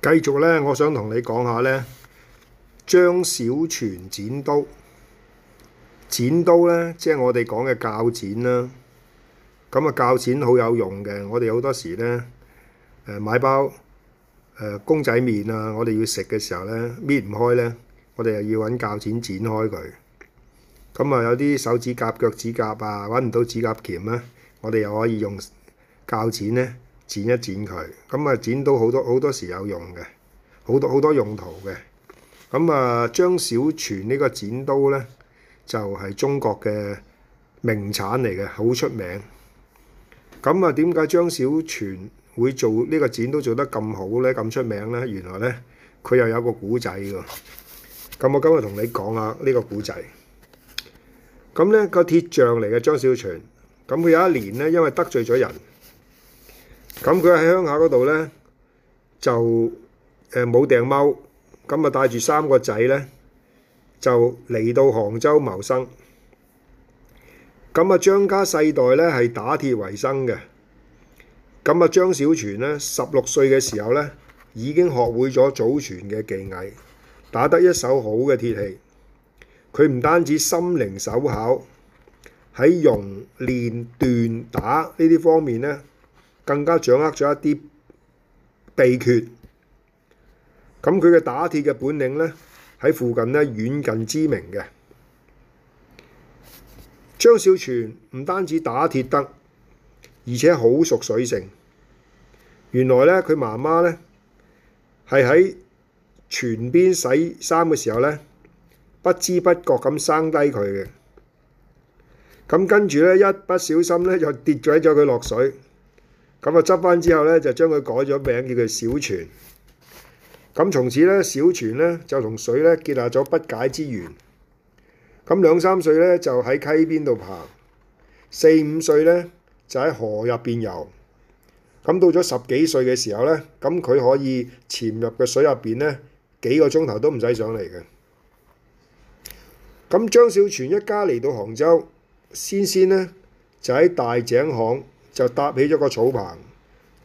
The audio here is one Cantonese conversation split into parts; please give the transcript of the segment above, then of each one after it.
繼續咧，我想同你講下咧，張小泉剪刀，剪刀咧即係我哋講嘅鉸剪啦。咁啊鉸剪好有用嘅，我哋好多時咧，誒買包誒、呃、公仔麵啊，我哋要食嘅時候咧搣唔開咧，我哋又要揾鉸剪剪開佢。咁啊有啲手指甲腳趾甲啊揾唔到指甲鉗咧、啊，我哋又可以用鉸剪咧。剪一剪佢，咁啊剪刀好多好多時有用嘅，好多好多用途嘅。咁啊張小泉呢個剪刀咧，就係、是、中國嘅名產嚟嘅，好出名。咁啊點解張小泉會做呢個剪刀做得咁好咧、咁出名咧？原來咧佢又有一個古仔㗎。咁我今日同你講下個呢個古仔。咁、那、咧個鐵匠嚟嘅張小泉，咁佢有一年咧，因為得罪咗人。咁佢喺鄉下嗰度咧，就誒冇掟貓，咁、呃、啊帶住三個仔咧，就嚟到杭州謀生。咁啊，張家世代咧係打鐵為生嘅。咁啊，張小泉咧，十六歲嘅時候咧已經學會咗祖傳嘅技藝，打得一手好嘅鐵器。佢唔單止心靈手巧，喺熔煉鍛打呢啲方面咧，更加掌握咗一啲秘訣，咁佢嘅打鐵嘅本領呢，喺附近呢遠近知名嘅。張小泉唔單止打鐵得，而且好熟水性。原來呢，佢媽媽呢，係喺泉邊洗衫嘅時候呢，不知不覺咁生低佢嘅，咁跟住呢，一不小心呢，就跌咗喺咗佢落水。咁啊，執返之後咧，就將佢改咗名，叫做小泉。咁從此咧，小泉咧就同水咧結下咗不解之緣。咁兩三歲咧就喺溪邊度爬，四五歲咧就喺河入邊遊。咁到咗十幾歲嘅時候咧，咁佢可以潛入嘅水入邊咧幾個鐘頭都唔使上嚟嘅。咁張小泉一家嚟到杭州，先先咧就喺大井巷。就搭起咗個草棚，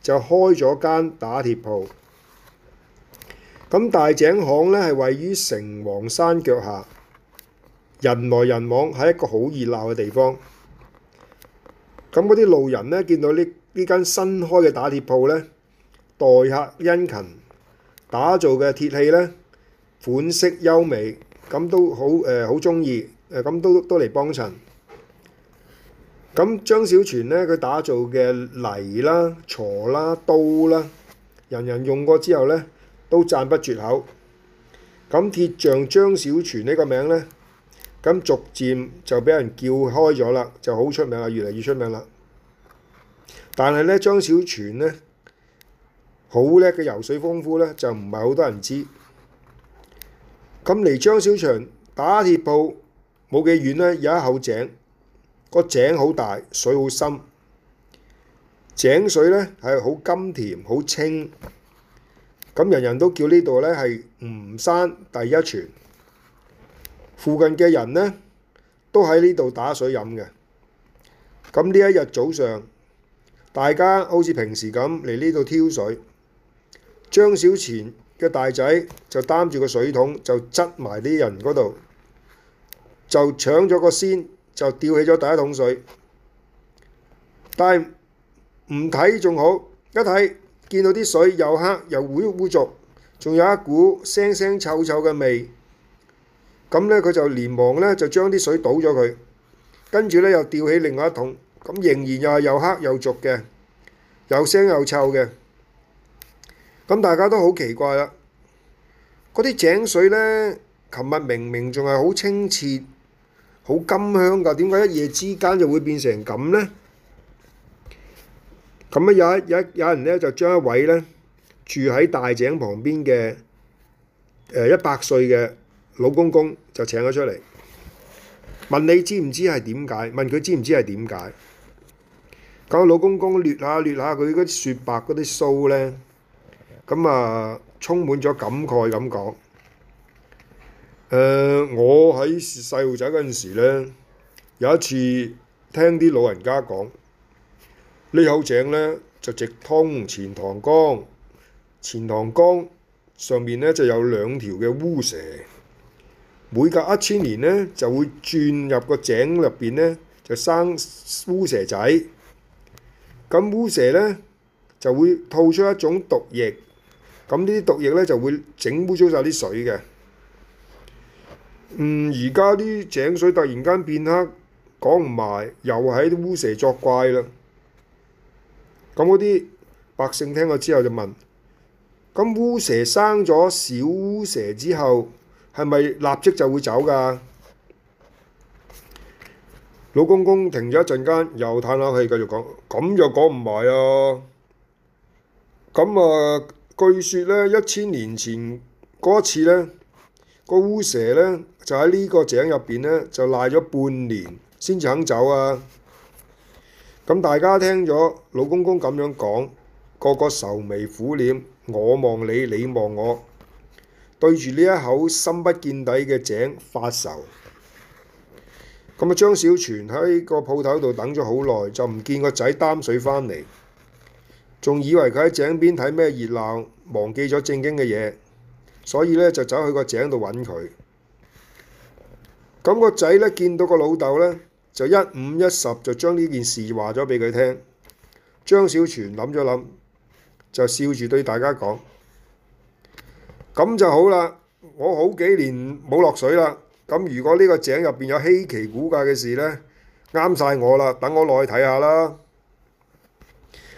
就開咗間打鐵鋪。咁大井巷咧係位於城隍山腳下，人來人往，喺一個好熱鬧嘅地方。咁嗰啲路人咧見到呢呢間新開嘅打鐵鋪咧，待客殷勤，打造嘅鐵器咧款式優美，咁都好誒好中意誒，咁、呃呃、都都嚟幫襯。咁張小泉咧，佢打造嘅泥啦、鋤啦、刀啦，人人用過之後咧，都讚不絕口。咁鐵匠張，張小泉呢個名咧，咁逐漸就俾人叫開咗啦，就好出名啦，越嚟越出名啦。但係咧，張小泉咧，好叻嘅游水功夫咧，就唔係好多人知。咁離張小泉打鐵鋪冇幾遠咧，有一口井。個井好大，水好深。井水咧係好甘甜、好清，咁人人都叫呢度咧係吳山第一泉。附近嘅人呢都喺呢度打水飲嘅。咁呢一日早上，大家好似平時咁嚟呢度挑水。張小泉嘅大仔就擔住個水桶，就擠埋啲人嗰度，就搶咗個先。就吊起咗第一桶水，但係唔睇仲好，一睇見到啲水又黑又污污濁，仲有一股腥腥臭臭嘅味，咁咧佢就連忙咧就將啲水倒咗佢，跟住咧又吊起另外一桶，咁仍然又係又黑又濁嘅，又腥又臭嘅，咁大家都好奇怪啦，嗰啲井水咧，琴日明明仲係好清澈。好甘香㗎，點解一夜之間就會變成咁呢？咁啊，有一有一有人咧，就將一位咧住喺大井旁邊嘅誒一百歲嘅老公公就請咗出嚟，問你知唔知係點解？問佢知唔知係點解？咁老公公捋下捋下，佢嗰啲雪白嗰啲鬚咧，咁啊充滿咗感慨咁講。Uh, 我喺細路仔嗰陣時咧，有一次聽啲老人家講，呢口井咧就直通錢塘江，錢塘江上面咧就有兩條嘅烏蛇，每隔一千年咧就會轉入個井入邊咧就生烏蛇仔，咁烏蛇咧就會吐出一種毒液，咁呢啲毒液咧就會整污糟晒啲水嘅。嗯，而家啲井水突然間變黑，講唔埋，又喺烏蛇作怪啦。咁嗰啲百姓聽咗之後就問：咁烏蛇生咗小蛇之後，係咪立即就會走㗎？老公公停咗一陣間，又嘆口氣，繼續講：咁就講唔埋啊！咁啊，據說咧，一千年前嗰次咧。個烏蛇咧就喺呢個井入邊咧就賴咗半年先至肯走啊！咁、嗯、大家聽咗老公公咁樣講，個個愁眉苦臉，我望你，你望我，對住呢一口深不見底嘅井發愁。咁、嗯、啊，張小泉喺個鋪頭度等咗好耐，就唔見個仔擔水翻嚟，仲以為佢喺井邊睇咩熱鬧，忘記咗正經嘅嘢。所以咧就走去個井度揾佢。咁、那個仔咧見到個老豆咧，就一五一十就將呢件事話咗俾佢聽。張小泉諗咗諗，就笑住對大家講：「咁就好啦。我好幾年冇落水啦。咁如果呢個井入邊有稀奇古怪嘅事咧，啱晒我啦。等我落去睇下啦。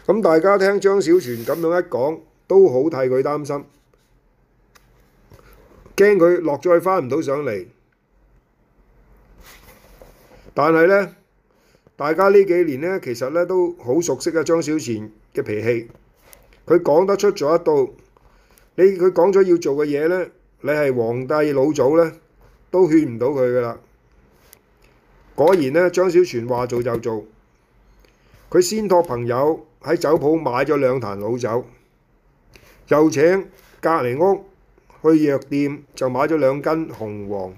咁大家聽張小泉咁樣一講，都好替佢擔心。驚佢落咗去翻唔到上嚟，但係咧，大家呢幾年咧，其實咧都好熟悉啊，張小泉嘅脾氣，佢講得出做得到，你佢講咗要做嘅嘢咧，你係皇帝老祖咧，都勸唔到佢㗎啦。果然咧，張小泉話做就做，佢先託朋友喺酒鋪買咗兩壇老酒，又請隔離屋，去藥店就買咗兩斤紅黃，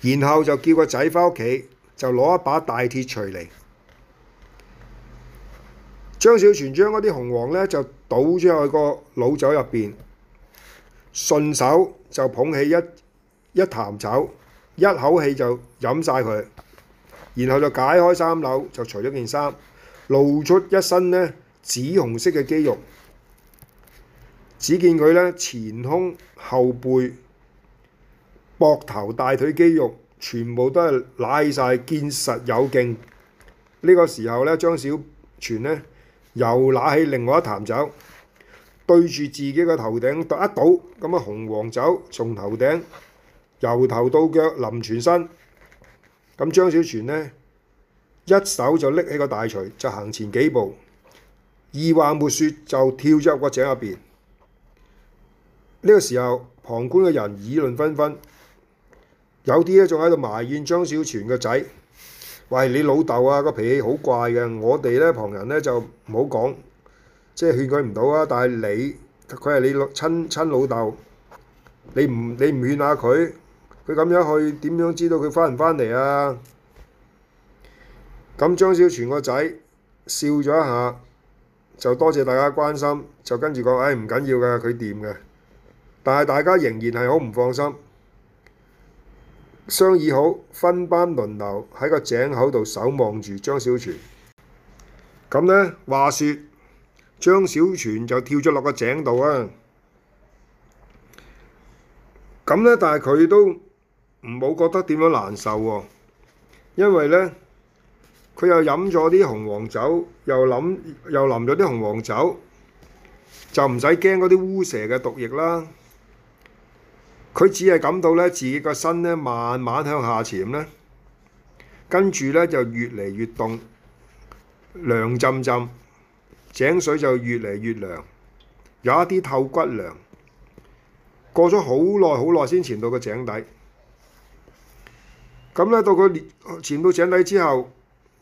然後就叫個仔返屋企就攞一把大鐵錘嚟。張小泉將嗰啲紅黃咧就倒咗喺個老酒入邊，順手就捧起一一壇酒，一口氣就飲晒佢，然後就解開衫紐，就除咗件衫，露出一身咧紫紅色嘅肌肉。只見佢咧前胸、後背、膊頭、大腿肌肉全部都係攬晒，堅實有勁。呢、這個時候咧，張小泉咧又攬起另外一壇酒，對住自己個頭頂一倒，咁啊紅黃酒從頭頂由頭到腳淋全身。咁、嗯、張小泉咧一手就拎起個大錘，就行前幾步，二話沒説就跳咗入個井入邊。呢個時候旁觀嘅人議論紛紛，有啲咧仲喺度埋怨張小泉個仔：喂、啊，你老豆啊，個脾氣好怪嘅。我哋咧旁人咧就唔好講，即係勸佢唔到啊。但係你佢係你親親老豆，你唔你唔勸下佢，佢咁樣去點樣知道佢翻唔翻嚟啊？咁張小泉個仔笑咗一下，就多謝大家關心，就跟住講：唉、哎，唔緊要㗎，佢掂㗎。但係大家仍然係好唔放心，商議好分班輪流喺個井口度守望住張小泉。咁呢，話說張小泉就跳咗落個井度啊。咁呢，但係佢都冇覺得點樣難受喎、啊，因為呢，佢又飲咗啲雄黃酒，又淋又淋咗啲雄黃酒，就唔使驚嗰啲烏蛇嘅毒液啦。佢只係感到咧，自己個身咧慢慢向下潛咧，跟住咧就越嚟越凍，涼浸浸，井水就越嚟越涼，有一啲透骨涼。過咗好耐好耐先潛到個井底，咁咧到佢潛到井底之後，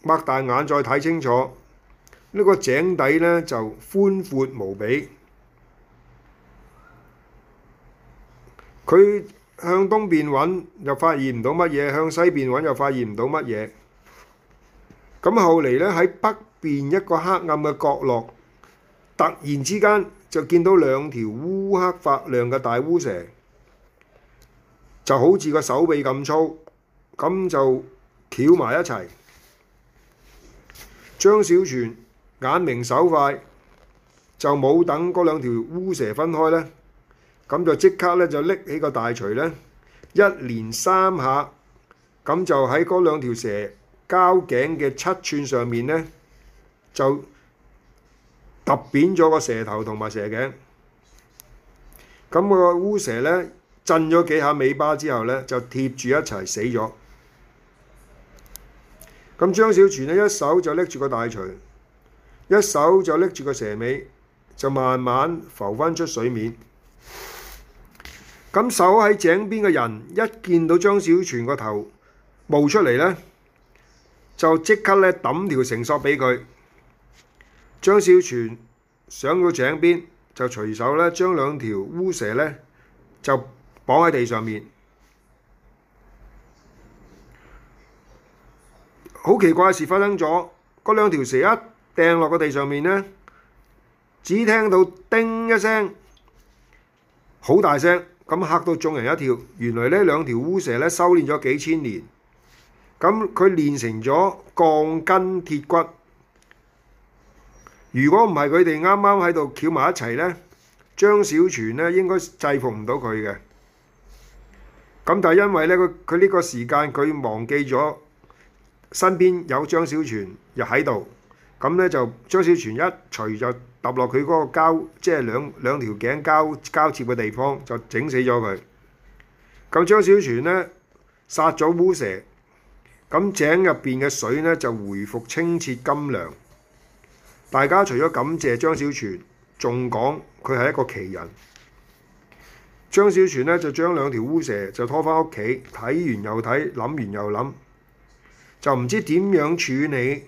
擘大眼再睇清楚，呢個井底咧就寬闊無比。佢向東邊揾又發現唔到乜嘢，向西邊揾又發現唔到乜嘢。咁後嚟咧喺北邊一個黑暗嘅角落，突然之間就見到兩條烏黑發亮嘅大烏蛇，就好似個手臂咁粗，咁就翹埋一齊。張小泉眼明手快，就冇等嗰兩條烏蛇分開咧。咁就即刻咧，就拎起個大錘咧，一連三下，咁就喺嗰兩條蛇交頸嘅七寸上面咧，就揼扁咗個蛇頭同埋蛇頸。咁個烏蛇咧震咗幾下尾巴之後咧，就貼住一齊死咗。咁張小泉咧，一手就拎住個大錘，一手就拎住個蛇尾，就慢慢浮翻出水面。咁守喺井邊嘅人一見到張小泉個頭冒出嚟呢，就即刻呢揼條繩索俾佢。張小泉上到井邊，就隨手呢將兩條烏蛇呢就綁喺地上面。好奇怪嘅事發生咗，嗰兩條蛇一掟落個地上面呢，只聽到叮一聲，好大聲。咁嚇到眾人一跳，原來咧兩條烏蛇咧修煉咗幾千年，咁佢練成咗鋼筋鐵骨。如果唔係佢哋啱啱喺度翹埋一齊咧，張小泉咧應該制服唔到佢嘅。咁就係因為咧佢，佢呢個時間佢忘記咗身邊有張小泉又喺度，咁咧就張小泉一除就。揼落佢嗰個膠，即係兩兩條頸交交接嘅地方，就整死咗佢。咁張小泉呢殺咗烏蛇，咁井入邊嘅水呢就回復清澈甘涼。大家除咗感謝張小泉，仲講佢係一個奇人。張小泉呢就將兩條烏蛇就拖返屋企，睇完又睇，諗完又諗，就唔知點樣處理。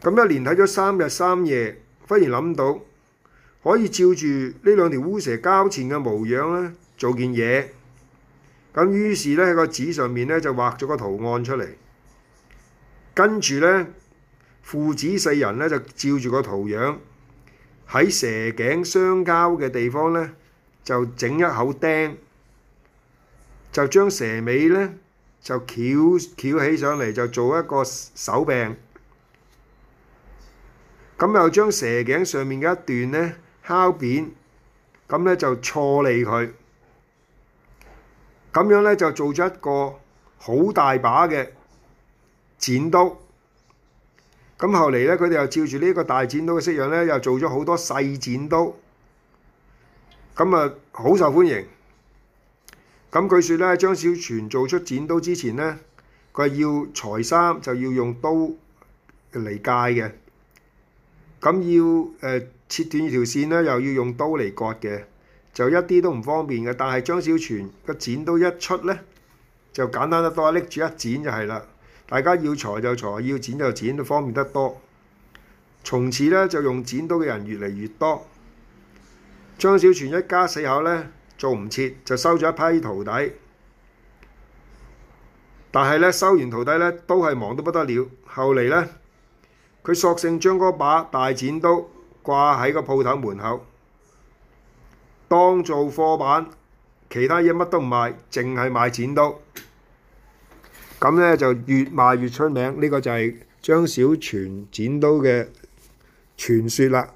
咁一連睇咗三日三夜。忽然諗到可以照住呢兩條烏蛇交纏嘅模樣做件嘢。咁於是咧，喺個紙上面咧就畫咗個圖案出嚟，跟住咧，父子四人咧就照住個圖樣，喺蛇頸相交嘅地方咧就整一口釘，就將蛇尾咧就翹翹起上嚟，就做一個手柄。咁又將蛇頸上面嘅一段咧敲扁，咁咧就錯利佢，咁樣咧就做咗一個好大把嘅剪刀。咁後嚟咧，佢哋又照住呢個大剪刀嘅式樣咧，又做咗好多細剪刀。咁啊，好受歡迎。咁據說咧，張小泉做出剪刀之前咧，佢係要裁衫就要用刀嚟界嘅。咁要誒、呃、切斷條線咧，又要用刀嚟割嘅，就一啲都唔方便嘅。但係張小泉個剪刀一出咧，就簡單得多，拎住一剪就係啦。大家要裁就裁，要剪就剪，都方便得多。從此咧就用剪刀嘅人越嚟越多。張小泉一家四口咧做唔切，就收咗一批徒弟。但係咧收完徒弟咧都係忙到不得了。後嚟咧。佢索性將嗰把大剪刀掛喺個鋪頭門口，當做貨板，其他嘢乜都唔賣，淨係賣剪刀。咁咧就越賣越出名，呢個就係張小泉剪刀嘅傳說啦。